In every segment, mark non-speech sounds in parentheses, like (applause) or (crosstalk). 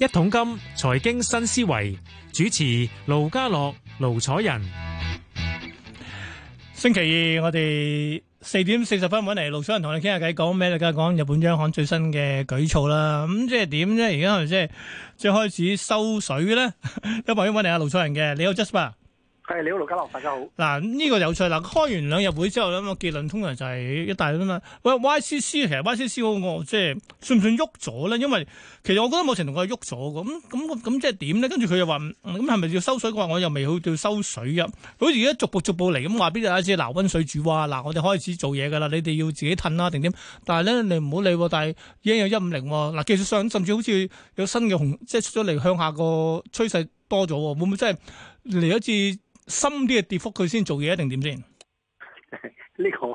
一桶金財經新思維主持盧家樂、盧楚仁。星期二我哋四點四十分揾嚟，盧楚仁同你傾下偈，講咩？大家講日本央行最新嘅舉措啦。咁、嗯、即係點咧？而家係咪即係最開始收水咧？有朋友揾嚟啊！盧楚仁嘅，你好 Jasper 係你好，盧家樂，大家好。嗱呢個有趣啦，開完兩日會之後咧，咁結論通常就係一大堆啦。喂，YCC 其實 YCC 我我即係算唔算喐咗咧？因為其實我覺得某程度佢喐咗咁咁咁，即係點咧？跟住佢又話咁係咪要收水？我話我又未去到收水啊！好似而家逐步逐步嚟咁，話邊日一次嗱，溫水煮蛙、啊、嗱、啊，我哋開始做嘢噶啦，你哋要自己褪啦、啊，定點。但係咧，你唔好理、哦，但係已經有一五零嗱，技術上甚至好似有新嘅紅，即係出咗嚟向下個趨勢多咗，會唔會真係嚟一次？深啲嘅跌幅，佢先做嘢，定點先？呢個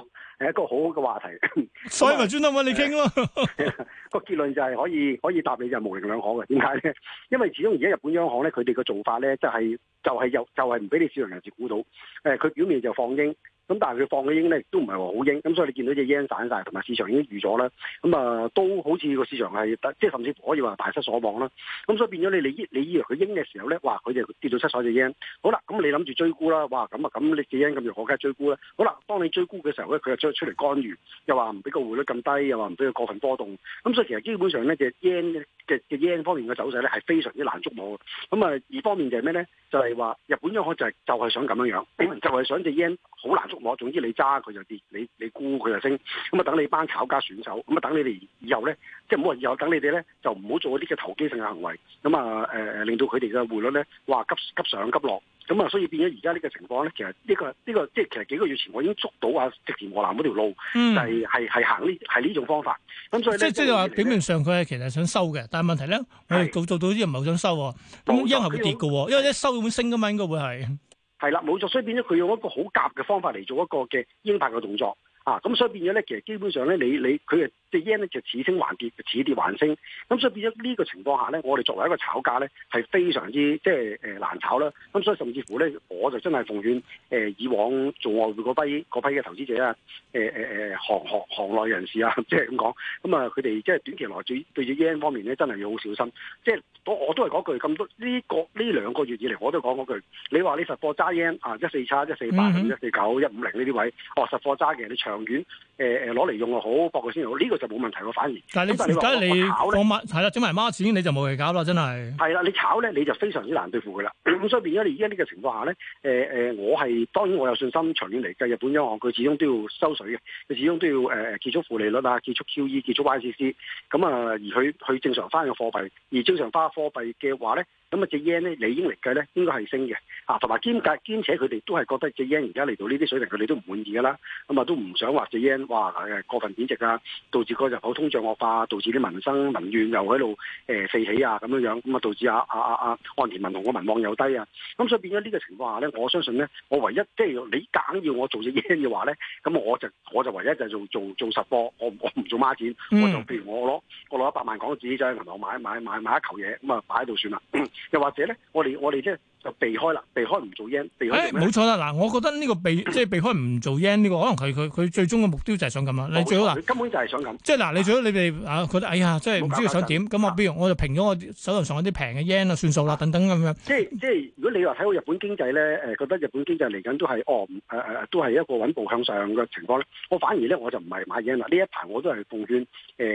係一個好好嘅話題，所以咪專登搵你傾 (laughs) 咯聊吧。 (laughs) 個結論就係可以可以答你就模棱兩可嘅，點解咧？因為始終而家日本央行咧，佢哋嘅做法咧，即係就係、是、又就係唔俾你市場人士估到。誒、呃，佢表面就放鷹，咁但係佢放嘅鷹咧，都唔係話好鷹。咁所以你見到隻 yen 散晒，同埋市場已經預咗啦。咁啊，都好似個市場係即係甚至乎可以話大失所望啦。咁所以變咗你你你以為佢鷹嘅時候咧，哇！佢就跌到七所嘅 yen。好啦，咁你諗住追沽啦，哇！咁啊咁你隻 yen 咁弱，梗係追沽啦。好啦，當你追沽嘅時候咧，佢就出嚟干預，又話唔俾個匯率咁低，又話唔俾佢過分波動。咁所其實基本上咧，隻 yen 嘅嘅 yen 方面嘅走勢咧，係非常之難捉摸嘅。咁啊，二方面就係咩咧？就係、是、話日本央行就係、是、就係、是、想咁樣樣，就係、是、想隻 yen 好難捉摸。總之你揸佢就跌，你你沽佢就升。咁啊，等你班炒家選手，咁啊、就是，等你哋以後咧，即係唔好話以後等你哋咧，就唔好做一啲嘅投機性嘅行為。咁啊，誒誒，令到佢哋嘅匯率咧，哇，急急上急落。咁啊，所以變咗而家呢個情況咧，其實呢、呢個呢、呢個即係其實幾個月前我已經捉到啊，植田和男嗰條路、就係，係係係行呢係呢種方法。咁所以咧，即即係話表面上佢係其實想收嘅，但係問題咧，我做做到啲人唔係好想收喎。咁應該會跌嘅，因為一收會升噶嘛，應該會係。係啦，冇錯。所以變咗佢用一個好夾嘅方法嚟做一個嘅鷹派嘅動作啊！咁所以變咗咧，其實基本上咧，你你佢係。即係 yen 咧就似升還跌，似跌還升。咁所以變咗呢個情況下咧，我哋作為一個炒價咧係非常之即係誒難炒啦。咁所以甚至乎咧，我就真係奉勸誒、呃、以往做外匯嗰批批嘅投資者啊，誒誒誒行行行內人士啊，即係咁講。咁、嗯、啊，佢哋即係短期內對對住 yen 方面咧，真係要好小心。即係我我都係講句咁多呢、這個呢兩個月以嚟，我都講嗰句。你話你實貨揸 yen 啊，一四七、一四八、一四九、一五零呢啲位，哦實貨揸嘅，你長遠。誒誒攞嚟用又好，搏佢先好，呢、這個就冇問題喎。反而，但係你而家你，你，你放物係啦，整埋孖錢你就冇嘢搞啦，真係。係啦，你炒咧你，你就非常之難對付佢啦。咁 (coughs) 所以變咗你而家呢個情況下咧，誒、呃、誒，我係當然我有信心長遠嚟計日本央行佢始終都要收水嘅，佢始終都要誒、呃、結束負利率啊，結束 QE，結束 YCC。咁、呃、啊，而佢去正常翻嘅貨幣，而正常翻嘅貨幣嘅話咧。咁啊，隻 yen 咧理應嚟計咧，應該係升嘅。啊， (music) 同埋兼介兼且佢哋都係覺得隻 yen 而家嚟到呢啲水平，佢哋都唔滿意㗎啦。咁啊，都唔想話隻 yen 哇過分貶值啊，導致個入口通脹惡化，導致啲民生民怨又喺度誒沸起啊咁樣樣。咁啊，導致阿阿阿阿安田民同個民望又低啊。咁所以變咗呢個情況下咧，我相信咧，我唯一即係你硬要我做隻 yen 嘅話咧，咁我就我就唯一就做做做實貨，我我唔做孖展，我就譬如我攞我攞一百萬港紙走去銀行買買買買一球嘢，咁啊擺喺度算啦。又或者咧，我哋我哋即係。 (noise) (noise) 就避開啦，避開唔做 yen，避開了。誒、哎，冇錯啦，嗱，我覺得呢個避，即、就、係、是、避開唔做 yen 呢、這個，可能佢佢佢最終嘅目標就係想咁、哦就是、啊！你最好嗱，根本就係想咁。即係嗱，你最好你哋啊覺得啊哎呀，即係唔知佢想點，咁我比如、啊、我就平咗我手頭上有啲平嘅 yen 算數啦、啊啊，等等咁樣。即係即係，如果你話睇到日本經濟咧，誒、呃、覺得日本經濟嚟緊都係哦誒誒、呃，都係一個穩步向上嘅情況咧，我反而咧我就唔係買 yen 啦。呢一排我都係奉勸誒、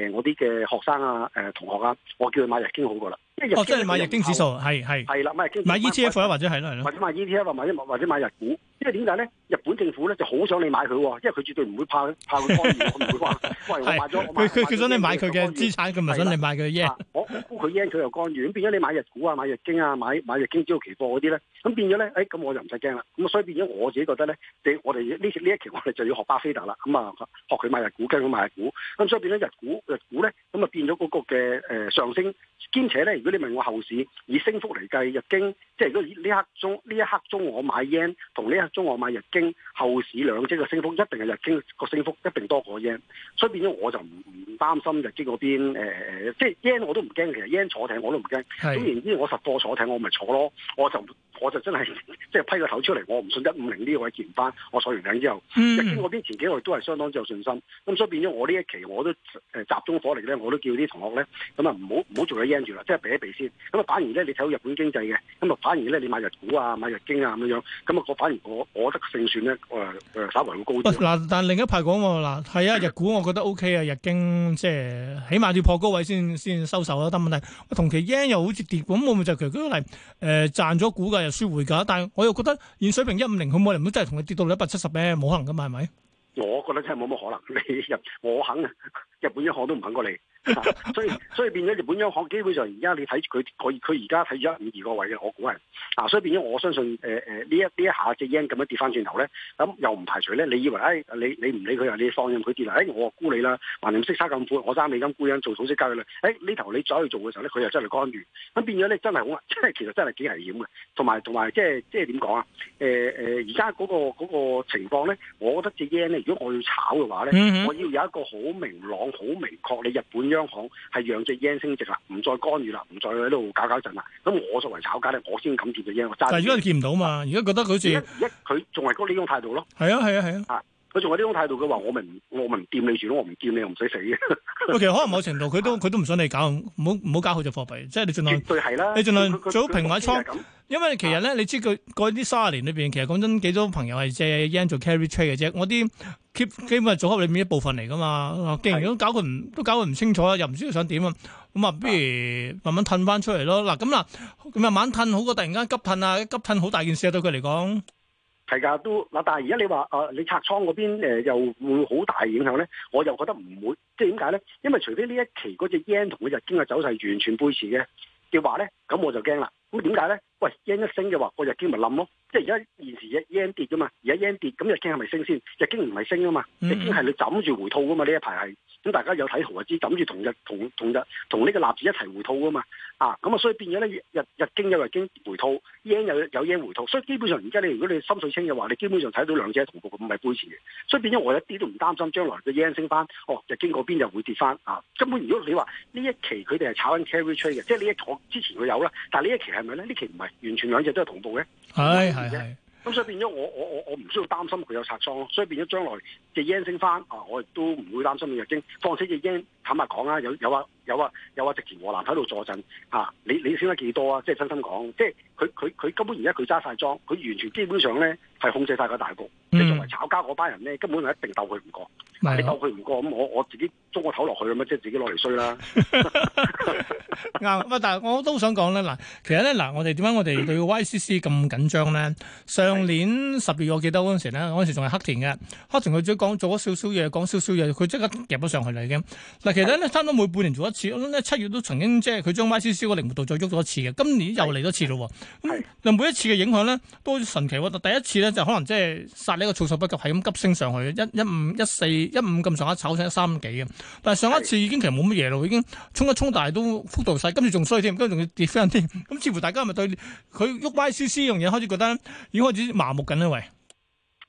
呃、我啲嘅學生啊誒、呃、同學啊，我叫佢買日經好過啦、哦哦，即係日，日係係係。買日經指數，係係。係啦，買日經，買 ETF。或者係啦，或者買 ETF，或者買或者買日股，因為點解咧？日本政府咧就好想你買佢，因為佢絕對唔會怕怕佢干預， (laughs) 我唔會話，喂我買咗。 (laughs) 」佢佢想你買佢嘅資產，佢唔想你買佢 yen。我我估佢佢又干預。變咗你買日股啊，買日經啊，買買日經朝期貨嗰啲咧，咁變咗咧，誒、欸、咁我就唔使驚啦。咁所以變咗我自己覺得咧，我哋呢呢一期我哋就要學巴菲特啦。咁啊，學佢買日股，跟佢買日股。咁所以變咗日股日股咧，咁啊變咗嗰個嘅誒上升。兼且咧，如果你問我後市以升幅嚟計日經即係如果。呢一刻鐘，呢一刻鐘我買 yen 同呢一刻鐘我買日經，後市兩隻嘅升，升，升幅一定係日經個升幅一定多過 yen，所以變咗我就唔唔擔心日經嗰邊誒、呃、即係 yen 我都唔驚，其實 yen 坐艇我都唔驚，總然之我實貨坐艇我咪坐咯，我就。我就真係即係批個頭出嚟，我唔信一五零呢個位見唔翻。我鎖完頂之後，嗯、日經我邊前幾個月都係相當之有信心。咁所以變咗我呢一期我都誒集中火力咧，我都叫啲同學咧，咁啊唔好唔好做咗 yen 住啦，即、就、係、是、避一避先。咁啊反而咧，你睇到日本經濟嘅，咁啊反而咧，你買日股啊，買日經啊咁樣。咁啊我反而我我得勝算咧，誒、呃、誒、呃，稍微會高啲。嗱，但另一排講喎，嗱係啊，日股我覺得 O、OK、K 啊，日經即係起碼要破高位先先收手啦、啊。但問題同期 yen 又好似跌咁，我咪就其實佢嚟誒賺咗股嘅。輸回噶，但係我又覺得現水平一五零，佢冇能唔會真係同你跌到一百七十咩，冇可能噶嘛，係咪？我覺得真係冇乜可能。你入，我肯，日本一行都唔肯過嚟。 (laughs) 所以所以變咗日本央行基本上而家你睇佢佢佢而家睇住一五二個位嘅，我估係，嗱所以變咗我相信誒誒呢一呢一下隻 yen 咁樣跌翻轉頭咧，咁又唔排除咧，你以為誒、哎、你你唔理佢啊，你放任佢跌落，誒我沽你啦，橫掂息差咁闊，我揸美金沽一做套息交易啦，誒呢頭你再去做嘅時候咧，佢又真係干預，咁變咗咧真係好，即係其實真係幾危險嘅，同埋同埋即係即係點講啊，誒誒而家嗰個、那個情況咧，我覺得隻 yen 咧，如果我要炒嘅話咧、嗯，我要有一個好明朗、好明確你日本央香港係讓隻 yen 升值啦，唔再干預啦，唔再喺度搞搞震啦。咁我作為炒家咧，我先敢跌隻 yen。但係如果你見唔到嘛，如果覺得佢先，佢仲係嗰啲呢種態度咯。係啊係啊係啊！佢仲係呢種態度，佢話我咪我咪唔掂你住咯，我唔掂你又唔使死嘅。嗯、 (laughs) 其實可能某程度佢都佢都唔想你搞，唔好唔好搞佢隻貨幣，即係你儘量絕對啦。你儘量做平買倉，因為其實咧，你知佢嗰啲三十年裏邊，其實講真幾多朋友係借 yen 做 carry trade 嘅啫。我啲基本係組合裏面一部分嚟噶嘛，既然都搞佢唔都搞佢唔清楚啊，又唔知佢想點啊，咁啊，不如慢慢褪翻出嚟咯。嗱，咁嗱，咁啊慢慢褪好過突然間急褪啊，急褪好大件事啊，對佢嚟講係㗎，都嗱。但係而家你話啊，你拆倉嗰邊又會好大影響咧，我就覺得唔會，即係點解咧？因為除非呢一期嗰隻 yen 同佢隻經濟走勢完全背馳嘅嘅話咧，咁我就驚啦。咁點解咧？喂，yen 一升嘅話，個日經咪冧咯？即係而家現時一 yen 跌嘅嘛，而家 yen 跌，咁日經係咪升先？日經唔係升啊嘛，日經係你枕住回吐㗎嘛，呢、嗯、一排係。咁大家有睇圖就知，諗住同日同同日同呢個納指一齊回吐噶嘛？啊，咁啊，所以變咗咧，日日經有日經回吐 yen 有有 yen 回吐。所以基本上而家你如果你心水清嘅話，你基本上睇到兩隻同步咁咪背馳嘅。所以變咗我一啲都唔擔心將來嘅 yen 升翻，哦，日經嗰邊又會跌翻啊！根本如果你話呢一期佢哋係炒緊 carry trade 嘅，即係呢一我之前佢有啦，但係呢一期係咪咧？呢期唔係完全兩隻都係同步嘅，係係係。咁所以變咗我我我我唔需要擔心佢有拆倉咯。所以變咗將來。煙 y 升翻，啊，我都唔會擔心你 y e 放況且嘅 y 坦白講啊，有有啊，有啊，有啊，植田和男喺度坐陣啊，你你升得幾多啊？即係真心講，即係佢佢佢根本而家佢揸晒莊，佢完全基本上咧係控制晒個大局。你、嗯、作為炒家嗰班人咧，根本就一定鬥佢唔過。你鬥佢唔過咁，我我自己捉個頭落去咁即係自己攞嚟衰啦。啱， (laughs) 但我都想講咧，嗱，其實咧，嗱，我哋點解我哋對 YCC 咁緊張咧？上年十月我記得嗰陣時咧，嗰陣時仲係黑田嘅，黑田佢做咗少少嘢，講少少嘢，佢即刻夾咗上去啦已經。嗱，其實咧，差唔多每半年做一次。我諗咧，七月都曾經即係佢將 Y C C 個靈活度再喐咗一次嘅，今年又嚟多次咯。咁，每一次嘅影響咧都神奇。第一次咧就是、可能即係殺呢個措手不及，係咁急升上去，一一五一四一五咁上下炒上一三幾嘅。但係上一次已經其實冇乜嘢咯，已經衝一衝大都幅度細。今次仲衰添，跟住仲要跌翻添。咁似乎大家咪對佢喐 Y C C 呢樣嘢開始覺得已經開始麻木緊啦，喂。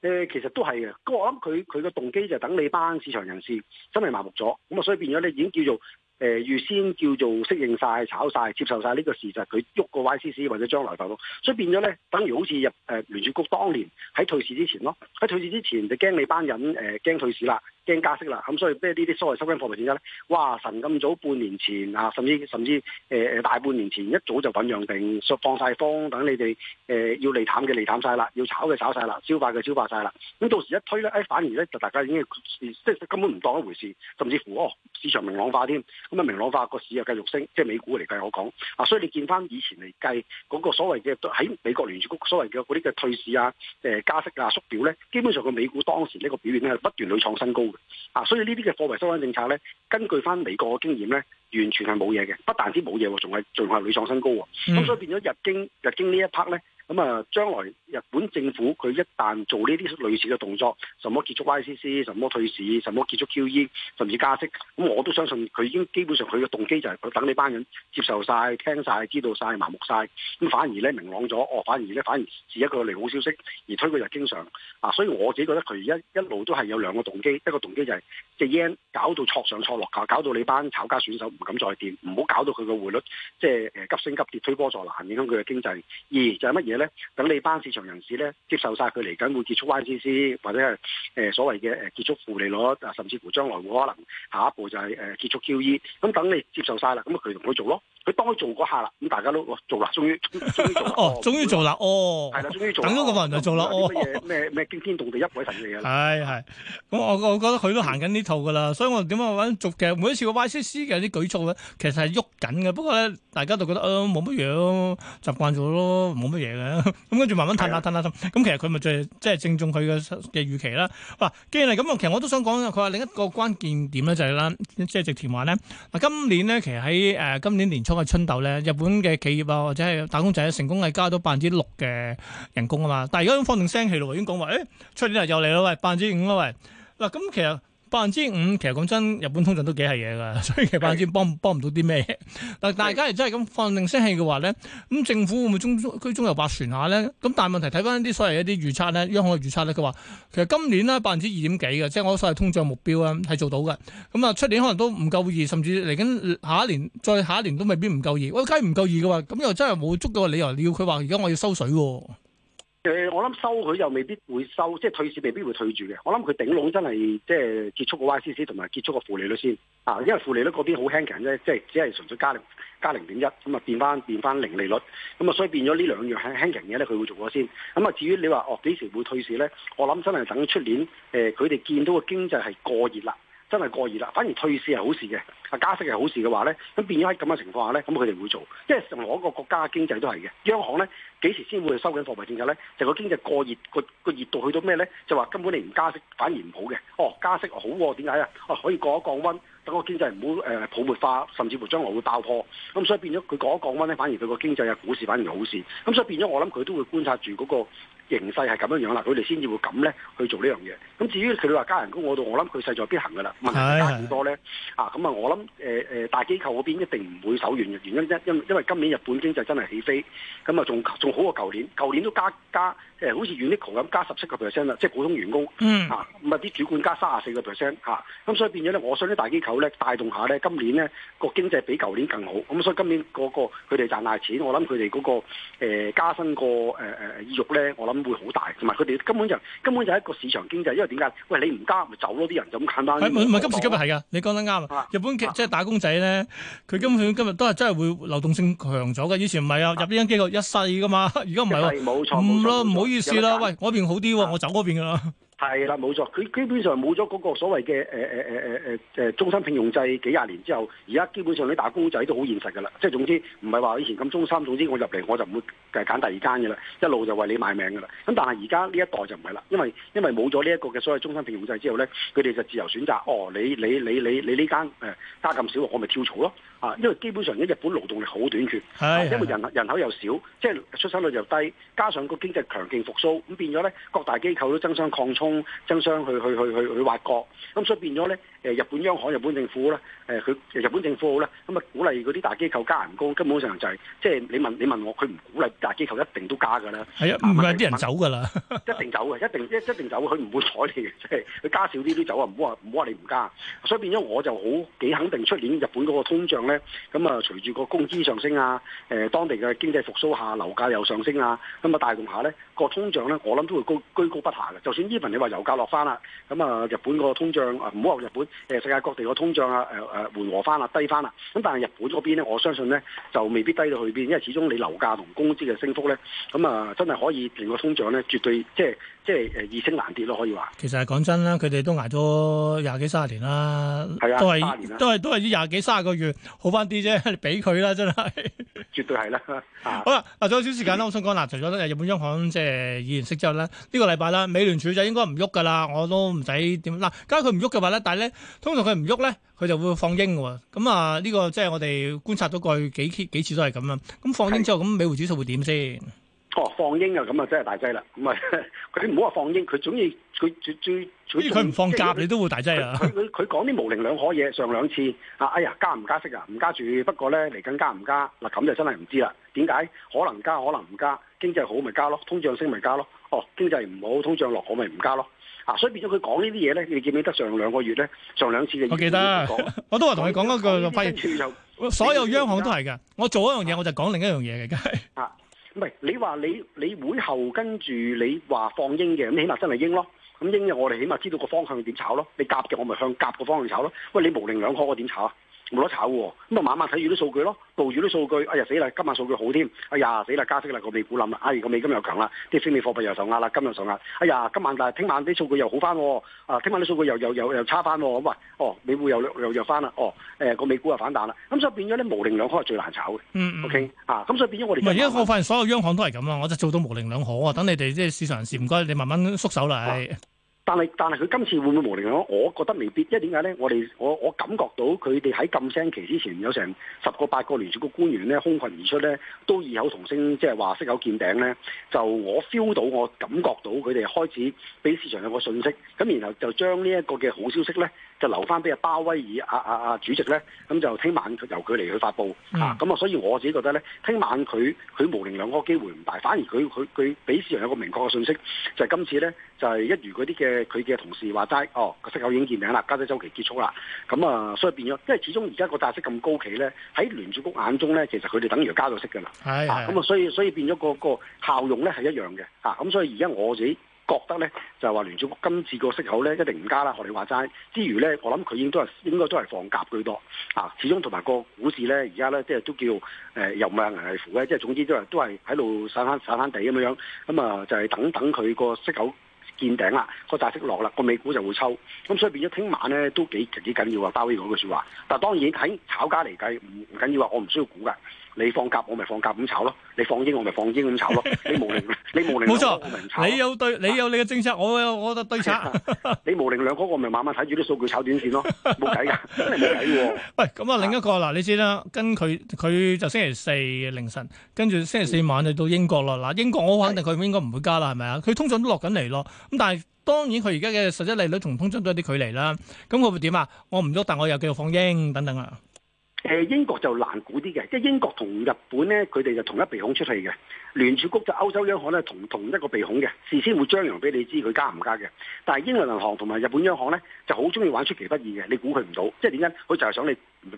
誒，其實都係嘅，咁我諗佢佢個動機就係等你班市場人士真係麻木咗，咁啊所以變咗咧已經叫做誒預、呃、先叫做適應晒、炒晒、接受晒呢個事實，佢喐個 Y C C 或者將來嚟到，所以變咗咧等於好似入誒聯儲局當年喺退市之前咯，喺退市之前就驚你班人誒驚、呃、退市啦。驚加息啦，咁所以咩呢啲所謂收緊貨幣政策咧？哇！神咁早半年前啊，甚至甚至誒誒、呃、大半年前一早就品樣定放晒風，等你哋誒、呃、要利淡嘅利淡晒啦，要炒嘅炒晒啦，消化嘅消化晒啦。咁到時一推咧，誒反而咧就大家已經即係根本唔當一回事，甚至乎哦市場明朗化添。咁啊，明朗化個市又繼續升，即係美股嚟計我講啊。所以你見翻以前嚟計嗰、嗰個所謂嘅喺美國聯儲局所謂嘅嗰啲嘅退市啊、誒加息啊、縮表咧，基本上個美股當時呢個表現咧係不斷屢創新高嘅。啊！所以呢啲嘅貨幣收緊政策咧，根據翻美國嘅經驗咧，完全係冇嘢嘅，不但止冇嘢喎，仲係仲係屢創新高喎。咁、嗯、所以變咗日經日經呢一 part 咧。咁啊，將來日本政府佢一旦做呢啲類似嘅動作，什麼結束 YCC 什麼退市，什麼結束 QE，甚至加息，咁我都相信佢已經基本上佢嘅動機就係、是、佢等你班人接受晒、聽晒、知道晒、麻木晒。咁反而咧明朗咗，哦，反而咧反而是一個利好消息，而推佢就經常啊，所以我自己覺得佢一一路都係有兩個動機，一個動機就係即係日圓搞到錯上錯落，搞到你班炒家選手唔敢再掂，唔好搞到佢嘅匯率即係、就是、急升急跌，推波助瀾，影響佢嘅經濟。二就係乜嘢？等你班市場人士咧接受晒佢嚟緊會結束 YCC 或者係誒、呃、所謂嘅誒結束負利率，甚至乎將來會可能下一步就係、是、誒、呃、結束 QE。咁等你接受晒啦，咁佢同佢做咯。佢當佢做嗰下啦，咁大家都、哦、做啦，終於終於做啦。哦， (laughs) 哦，終於做啦。哦，係、哦、啦，終於做啦。等咗個人就做啦。哦、嗯，咩咩驚天動地一鬼神嚟嘅？係係。咁我我覺得佢都行緊呢套噶啦，所以我點解揾逐嘅每一次個 YCC 嘅啲舉措咧，其實係喐緊嘅。不過咧，大家都覺得啊冇乜嘢樣，習慣咗咯，冇乜嘢嘅。咁跟住慢慢褪啦，褪啦，咁其實佢咪最即係正中佢嘅嘅預期啦。哇，既然係咁，其實我都想講嘅，佢話另一個關鍵點咧就係、是、啦，即係直填話咧。嗱，今年咧其實喺誒、呃、今年年初嘅春鬥咧，日本嘅企業啊或者係打工仔成功係加到百分之六嘅人工啊嘛。但係而家放定聲氣啦，已經講話誒，出年又嚟啦，喂，百分之五啦，喂。嗱，咁其實百分之五，其實講真，日本通脹都幾係嘢㗎，所以其實百分之幫幫唔到啲咩。但大家係真係咁放定聲氣嘅話咧，咁政府會唔會中居中又白船下咧？咁但係問題睇翻啲所謂一啲預測咧，央行嘅預測咧，佢話其實今年咧百分之二點幾嘅，即係我所謂通脹目標咧係做到嘅。咁啊，出年可能都唔夠二，甚至嚟緊下一年再下一年都未必唔夠二。喂，假如唔夠二嘅話咁又真係冇足夠嘅理由你要佢話而家我要收水喎、哦。誒，我諗收佢又未必會收，即係退市未必會退住嘅。我諗佢頂籠真係即係結束個 YCC 同埋結束個負利率先啊，因為負利率嗰邊好輕輕啫，即係只係純粹加零加零點一，咁啊變翻變翻零利率，咁啊所以變咗呢兩樣輕輕嘅嘢咧，佢會做咗先。咁啊至於你話哦幾時會退市咧？我諗真係等出年誒，呃、佢哋見到個經濟係過熱啦。真係過熱啦，反而退市係好事嘅，啊加息係好事嘅話呢，咁變咗喺咁嘅情況下呢，咁佢哋會做，因為任何一個國家經濟都係嘅，央行呢幾時先會收緊貨幣政策呢？就個、係、經濟過熱、個個熱度去到咩呢？就話根本你唔加息反而唔好嘅，哦加息好點解啊？哦可以過一降溫，等個經濟唔好誒泡沫化，甚至乎將來會爆破，咁所以變咗佢過一降溫呢，反而對個經濟啊股市反而好事，咁所以變咗我諗佢都會觀察住嗰、那個。形勢係咁樣樣啦，佢哋先至會咁咧去做呢樣嘢。咁至於佢哋話加人工，我度我諗佢勢在必行㗎啦。問題加幾多咧？是是是啊，咁啊，我諗誒誒大機構嗰邊一定唔會手軟嘅，原因一因為因為今年日本經濟真係起飛，咁啊仲仲好過舊年，舊年都加加誒、呃、好似 Uniqlo 咁加十七個 percent 啦，即係普通員工嚇，咁、嗯、啊啲主管加卅四個 percent 嚇。咁所以變咗咧，我相信大機構咧帶動下咧，今年咧個經濟比舊年更好。咁所以今年嗰、那個佢哋賺大錢，我諗佢哋嗰個、呃、加薪個誒誒意欲咧，我諗。會好大，同埋佢哋根本就係、根本就係一個市場經濟，因為點解？喂，你唔加咪走咯，啲人就咁簡單。唔唔係今時今日係噶，你講得啱。日本、啊、即係打工仔咧，佢根本今日都係真係會流動性強咗嘅，以前唔係啊，啊，入呢間機構一世噶嘛，如果唔係喎，唔、嗯、咯，唔、嗯、好意思啦，喂，嗰邊好啲喎、啊啊，我走嗰邊噶啦。係啦，冇錯，佢基本上冇咗嗰個所謂嘅誒誒誒終身聘用制，幾廿年之後，而家基本上你打工仔都好現實㗎啦，即係總之唔係話以前咁終身，總之我入嚟我就唔會揀第二間㗎啦，一路就為你賣命㗎啦。咁但係而家呢一代就唔係啦，因為因為冇咗呢一個嘅所謂終身聘用制之後咧，佢哋就自由選擇，哦，你你你你你呢間誒加咁少，我咪跳槽咯。啊，因為基本上咧，日本勞動力好短缺，因為人人口又少，即係出生率又低，加上個經濟強勁復甦，咁變咗咧，各大機構都爭相擴充，爭相去去去去去挖角，咁所以變咗咧，誒日本央行、日本政府咧，誒佢日本政府好咧，咁啊鼓勵嗰啲大機構加人工。根本上就係即係你問你問我，佢唔鼓勵大機構一定都加㗎啦。係啊，唔係啲人走㗎啦，一定走嘅，他不會你他加少一定一一定走，佢唔會睬你嘅，即係佢加少啲都走啊，唔好話唔好話你唔加，所以變咗我就好幾肯定，出年日本嗰個通脹。咁啊，隨住個工資上升啊，誒當地嘅經濟復甦下，樓價又上升啊，咁啊帶動下咧個通脹咧，我諗都會高居高不下嘅。就算 even 你話油價落翻啦，咁啊日本個通脹啊，唔好話日本誒，世界各地個通脹啊，誒誒緩和翻啊，低翻啦，咁但係日本嗰邊咧，我相信咧就未必低到去邊，因為始終你樓價同工資嘅升幅咧，咁啊真係可以令個通脹咧絕對即係即係誒易升難跌咯，可以話。其實係講真啦，佢哋都挨咗廿幾三十年啦，都係都係都係啲廿幾卅個月。好翻啲啫，你俾佢啦，真係，絕對係啦。 (laughs) 好啦，嗱，仲有少時間啦，我想講嗱，除咗日本央行即係議息之後咧，呢個禮拜啦，美聯儲就應該唔喐噶啦，我都唔使點嗱，假如佢唔喐嘅話咧，但係咧，通常佢唔喐咧，佢就會放鷹嘅喎。咁啊，呢個即係我哋觀察到過去幾幾次都係咁啦。咁放鷹之後，咁美匯指數會點先？哦，放鷹啊，咁啊真係大劑啦！唔係佢唔好話放鷹，佢總要佢最最佢唔放假，你都會大劑啊！佢佢佢講啲模棱兩可嘢，上兩次啊！哎呀，加唔加息啊？唔加，加住，不過咧嚟緊加唔加嗱？咁就真係唔知啦。點解可能加，可能唔加？經濟好咪加咯，通脹升咪加咯。哦，經濟唔好，通脹落好咪唔加咯。啊，所以變咗佢講呢啲嘢咧，你記唔記得上兩個月咧，上兩次嘅？我記得說我都話同你講個一個，發所有央行都係噶。我做一樣嘢，我就講另一樣嘢嘅，梗係。唔係你話你你會後跟住你話放鷹嘅，咁，起碼真係鷹咯。咁鷹嘅我哋起碼知道個方向點炒咯。你鴿嘅我咪向鴿個方向炒咯。喂，你模棱兩可我點炒啊？冇得炒喎，咁啊晚晚睇住啲數據咯，讀住啲數據，哎呀死啦，今晚數據好添，哎呀死啦，加息啦，個美股冧啦，哎呀個美金又強啦，啲非美元貨幣又上壓啦，今日上壓，哎呀今晚但係聽晚啲數據又好翻喎，啊聽晚啲數據又又又又差翻喎，咁啊哦，美股又弱又弱翻啦，哦誒個美股又反彈啦，咁所以變咗咧模棱兩可係最難炒嘅，嗯 okay? 啊，咁所以變咗我哋唔係，而家我發現所有央行都係咁啊，我就做到模棱兩可啊，等你哋即係市場人士，唔該你慢慢縮手啦。嗯。但係但係佢今次會唔會無靈？兩我覺得未必，因為點解呢？我哋我我感覺到佢哋喺禁聲期之前有成十個八個聯儲局官員呢空群而出呢，都異口同聲，即係話息有見頂呢。就我 feel 到，我感覺到佢哋開始俾市場有個信息，咁然後就將呢一個嘅好消息呢，就留翻俾阿鮑威爾阿、啊啊、主席呢。咁就聽晚由佢嚟去發布咁啊，嗯、所以我自己覺得呢，聽晚佢佢無靈兩個機會唔大，反而佢佢佢俾市場有個明確嘅信息，就係、是、今次呢，就係、是、一如嗰啲嘅。佢嘅同事話齋，哦，個息口已經見頂啦，加息周期結束啦。咁、嗯、啊，所以，所以變咗、那個，即係始終而家個債息咁高企咧，喺聯儲局眼中咧，其實佢哋等於加咗息噶啦。係，咁啊，所以所以變咗個個效用咧係一樣嘅。嚇，咁所以而家我自己覺得咧，就係、是、話聯儲局今次個息口咧一定唔加啦。學你話齋之餘咧，我諗佢應該係應該都係放鴿居多。啊，始終同埋個股市咧，而家咧即係都叫誒又唔係泥泥咧，即、呃、係、就是、總之都係都係喺度散翻散翻地咁樣。咁啊，就係、是、等等佢個息口見頂啦，個大息落啦，個美股就會抽，咁所以變咗聽晚咧都幾幾緊要啊，鮑威嗰句説話。但係當然喺炒家嚟計唔唔緊要啊。我唔需要估㗎。你放鴿我咪放鴿咁炒咯，你放鷹我咪放鷹咁炒咯。你無零，你無零， (laughs) 冇錯，你有對，你有你嘅政策、啊，我有我嘅對策。 (laughs) 你無零兩個我咪慢慢睇住啲數據炒短線咯，冇計噶， (laughs) 真係冇計。喂，咁啊，另一個嗱、啊，你知啦，跟佢，佢就星期四凌晨，跟住星期四晚就到英國啦。嗱，英國我肯定佢應該唔會加啦，係咪啊？佢通脹都落緊嚟咯。咁但係當然佢而家嘅實際利率同通脹都有啲距離啦。咁佢會點啊？我唔喐，但我又繼續放鷹等等誒英國就難估啲嘅，即係英國同日本咧，佢哋就同一鼻孔出氣嘅。聯儲局就歐洲央行咧同同一個鼻孔嘅，事先會張揚俾你知佢加唔加嘅。但係英國銀行同埋日本央行咧就好中意玩出其不意嘅，你估佢唔到。即係點解？佢就係想你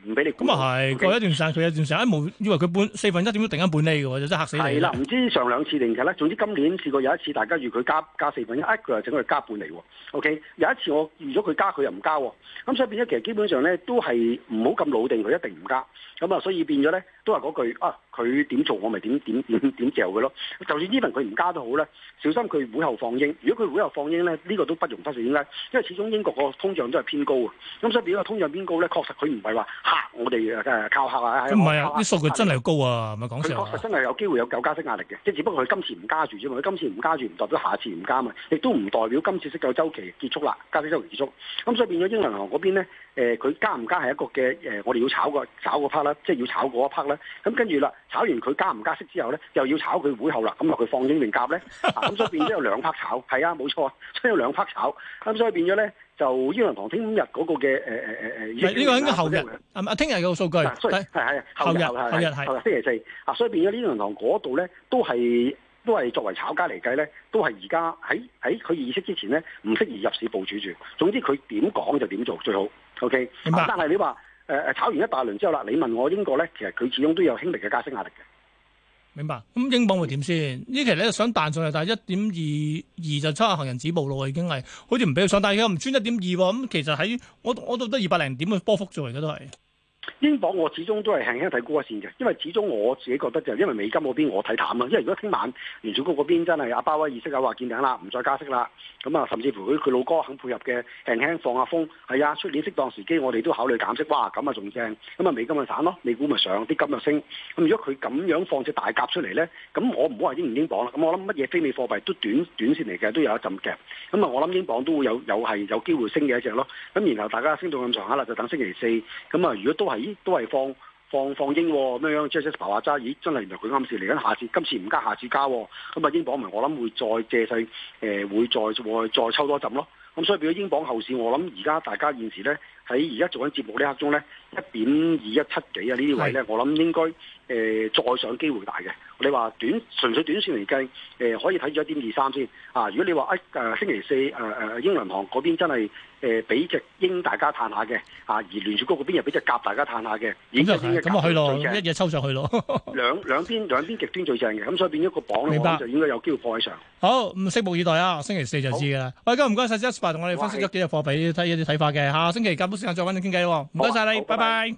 唔俾你估。咁啊係，過、okay? 一段時間佢有一段時間冇、啊、以為佢半四分一點都定一半厘嘅喎，真、就、係、是、嚇死人。係啦，唔知上兩次定係咧。總之今年試過有一次，大家預佢加加四分一，佢句又整佢加半厘。O、okay? K，有一次我預咗佢加，佢又唔加。咁、啊、所以變咗其實基本上咧都係唔好咁老定，佢一定唔加。咁啊，所以變咗咧都係嗰句啊，佢點做我咪點點點點由嘅咯，就算 even 佢唔加都好啦，小心佢會後放英。如果佢會後放英咧，呢、這個都不容忽視，點解？因為始終英國個通脹都係偏高嘅，咁所以變咗通脹偏高咧，確實佢唔係話嚇我哋誒靠嚇啊！唔係啊，啲數據真係高啊，咪講實。佢確實真係有機會有夠加息壓力嘅，即係只不過佢今次唔加住啫嘛。佢今次唔加住唔代表下次唔加啊嘛，亦都唔代表今次息夠週期結束啦，加息週期結束。咁所以變咗英國銀行嗰邊咧，誒、呃、佢加唔加係一個嘅誒、呃，我哋要炒個炒個 part 啦，即係要炒嗰一 part 啦。咁跟住啦，炒完佢加唔加息之後咧，又要炒。搞 (laughs) 佢會後啦，咁落去放鷹定鴿咧？咁所以變咗有兩拍炒，係啊，冇錯啊，所以有兩拍炒。咁所以變咗咧，就英倫銀行聽日嗰個嘅誒誒誒誒，呢、呃這個應該後日，阿聽日嘅數據，係係後日，後日係星期四。啊，所以變咗呢銀行嗰度咧，都係都係作為炒家嚟計咧，都係而家喺喺佢意識之前咧，唔適宜入市部署住。總之佢點講就點做最好。O、okay? K，明白。但係你話誒誒炒完一大輪之後啦，你問我英國咧，其實佢始終都有輕微嘅加息壓力嘅。明白，咁英鎊會點先？期呢期咧想彈上去，但係一點二二就差行人止步咯，已經係，好似唔俾佢上。但係而家唔穿一點二，咁其實喺我我度得二百零點嘅波幅做，而家都係。英鎊我始終都係輕輕睇高一線嘅，因為始終我自己覺得就是、因為美金嗰邊我睇淡啊，因為如果聽晚聯儲局嗰邊真係阿鮑威意識啊話見頂啦，唔再加息啦，咁、嗯、啊甚至乎佢老哥肯配合嘅輕輕放下風，係啊，出年適當時機我哋都考慮減息，哇咁啊仲正，咁啊、嗯、美金咪散咯，美股咪上，啲金就升，咁、嗯、如果佢咁樣放隻大鴿出嚟咧，咁、嗯、我唔好話英唔英鎊啦，咁、嗯、我諗乜嘢非美貨幣都短短線嚟嘅都有一陣嘅。咁、嗯、啊我諗英鎊都有有有有機會有有係有機會升嘅一隻咯，咁、嗯、然後大家升到咁上下啦，就等星期四，咁、嗯、啊如果都。係，都係放放放英咁、哦、樣，即係話齋咦，真係原來佢啱先嚟緊下次，今次唔加，下次加、哦，咁啊，英鎊咪我諗會再借勢、呃，會再會再抽多浸咯、哦。咁所以變咗英鎊後市，我諗而家大家現時咧，喺而家做緊節目呢刻中咧，一點二一七幾啊，呢啲位咧，我諗應該誒、呃、再上機會大嘅。你話短純粹短線嚟計、呃，可以睇住一點二三先啊。如果你話、呃、星期四誒誒、呃、英倫銀行嗰邊真係。誒俾隻鷹大家嘆下嘅，啊而連住局嗰邊又俾隻鴿大家嘆下嘅，咁啊去咯，一嘢抽上去咯 (laughs) 。兩兩邊兩邊極端最正嘅，咁所以變咗個榜落去就應該有機會破喺上。好，唔拭目以待啊，星期四就知㗎啦。喂，今日唔該晒 Jasper 同我哋分析咗幾隻貨幣睇一啲睇法嘅。下星期間冇時間再揾你傾偈咯。唔該晒你，拜拜。